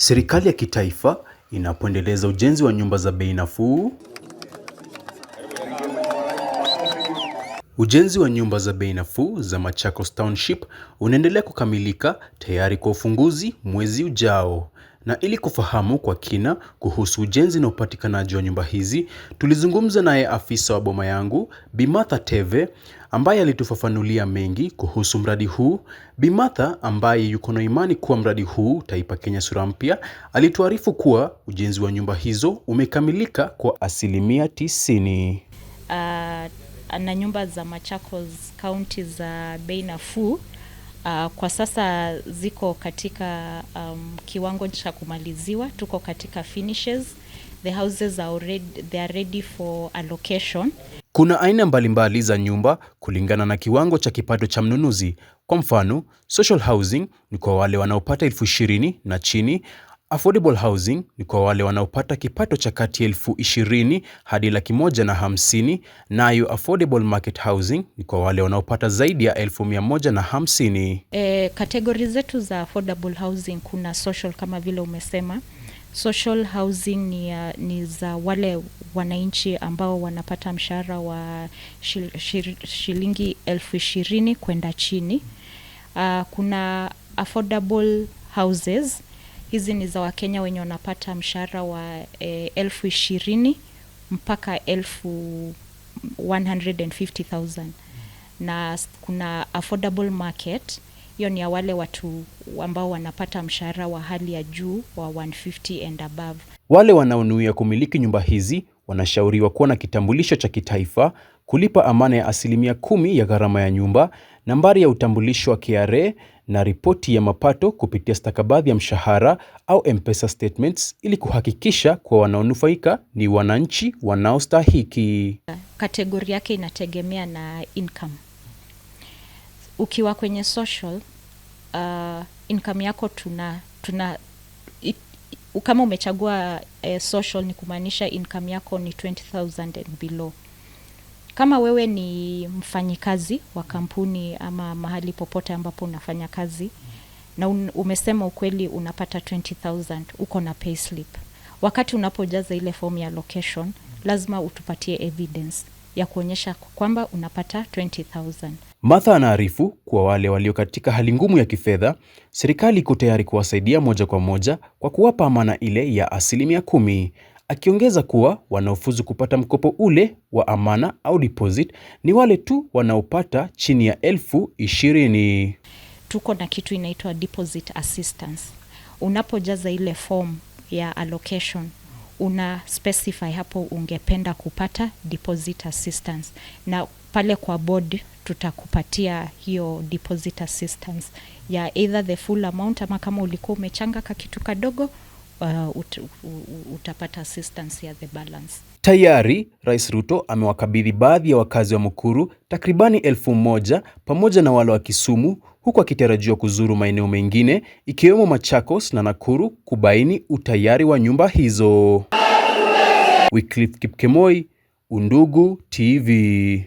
Serikali ya kitaifa inapoendeleza ujenzi wa nyumba za bei nafuu. Ujenzi wa nyumba za bei nafuu za Machakos Township unaendelea kukamilika tayari kwa ufunguzi mwezi ujao. Na ili kufahamu kwa kina kuhusu ujenzi na upatikanaji wa nyumba hizi, tulizungumza naye afisa wa boma yangu bimatha Teve ambaye alitufafanulia mengi kuhusu mradi huu. bimatha ambaye yuko na imani kuwa mradi huu utaipa Kenya sura mpya, alituarifu kuwa ujenzi wa nyumba hizo umekamilika kwa asilimia tisini. Uh, na nyumba za Machakos kaunti za bei nafuu Uh, kwa sasa ziko katika um, kiwango cha kumaliziwa, tuko katika finishes. The houses are already, they are ready for allocation. Kuna aina mbalimbali za nyumba kulingana na kiwango cha kipato cha mnunuzi. Kwa mfano, social housing ni kwa wale wanaopata elfu ishirini na chini Affordable housing ni kwa wale wanaopata kipato cha kati elfu ishirini hadi laki moja na hamsini, nayo affordable market housing ni kwa wale wanaopata zaidi ya elfu mia moja na hamsini. E, kategori zetu za affordable housing kuna social kama vile umesema. Social housing ni, uh, ni za wale wananchi ambao wanapata mshahara wa shil, shil, shilingi elfu ishirini kwenda chini. Uh, kuna affordable houses Hizi ni za Wakenya wenye wanapata mshahara wa e, elfu ishirini mpaka elfu 150,000 na kuna affordable market, hiyo ni ya wale watu ambao wanapata mshahara wa hali ya juu wa 150 and above. Wale wanaonuia kumiliki nyumba hizi wanashauriwa kuwa na kitambulisho cha kitaifa, kulipa amana ya asilimia kumi ya gharama ya nyumba, nambari ya utambulisho wa KRA na ripoti ya mapato kupitia stakabadhi ya mshahara au M-Pesa statements ili kuhakikisha kuwa wanaonufaika ni wananchi wanaostahiki. Kategori yake inategemea na income. Ukiwa kwenye social, uh, income yako tuna, tuna kama umechagua eh, social ni kumaanisha income yako ni 20000 and below. Kama wewe ni mfanyikazi wa kampuni ama mahali popote ambapo unafanya kazi na un, umesema ukweli unapata 20000 uko na slip wakati unapojaza ile form ya location lazima utupatie evidence ya kuonyesha kwamba unapata 20000 Martha anaarifu kuwa wale walio katika hali ngumu ya kifedha, serikali iko tayari kuwasaidia moja kwa moja kwa kuwapa amana ile ya asilimia kumi, akiongeza kuwa wanaofuzu kupata mkopo ule wa amana au deposit ni wale tu wanaopata chini ya elfu ishirini. Tuko na kitu inaitwa deposit assistance. Unapojaza ile form ya allocation una specify hapo ungependa kupata deposit assistance, na pale kwa board tutakupatia hiyo deposit assistance ya either the full amount ama kama ulikuwa umechanga ka kitu kadogo uh, ut, utapata assistance ya the balance. Tayari Rais Ruto amewakabidhi baadhi ya wakazi wa Mukuru takribani elfu moja pamoja na wale wa Kisumu huku akitarajiwa kuzuru maeneo mengine ikiwemo Machakos na Nakuru kubaini utayari wa nyumba hizo. Wycliffe Kipkemoi, Undugu TV.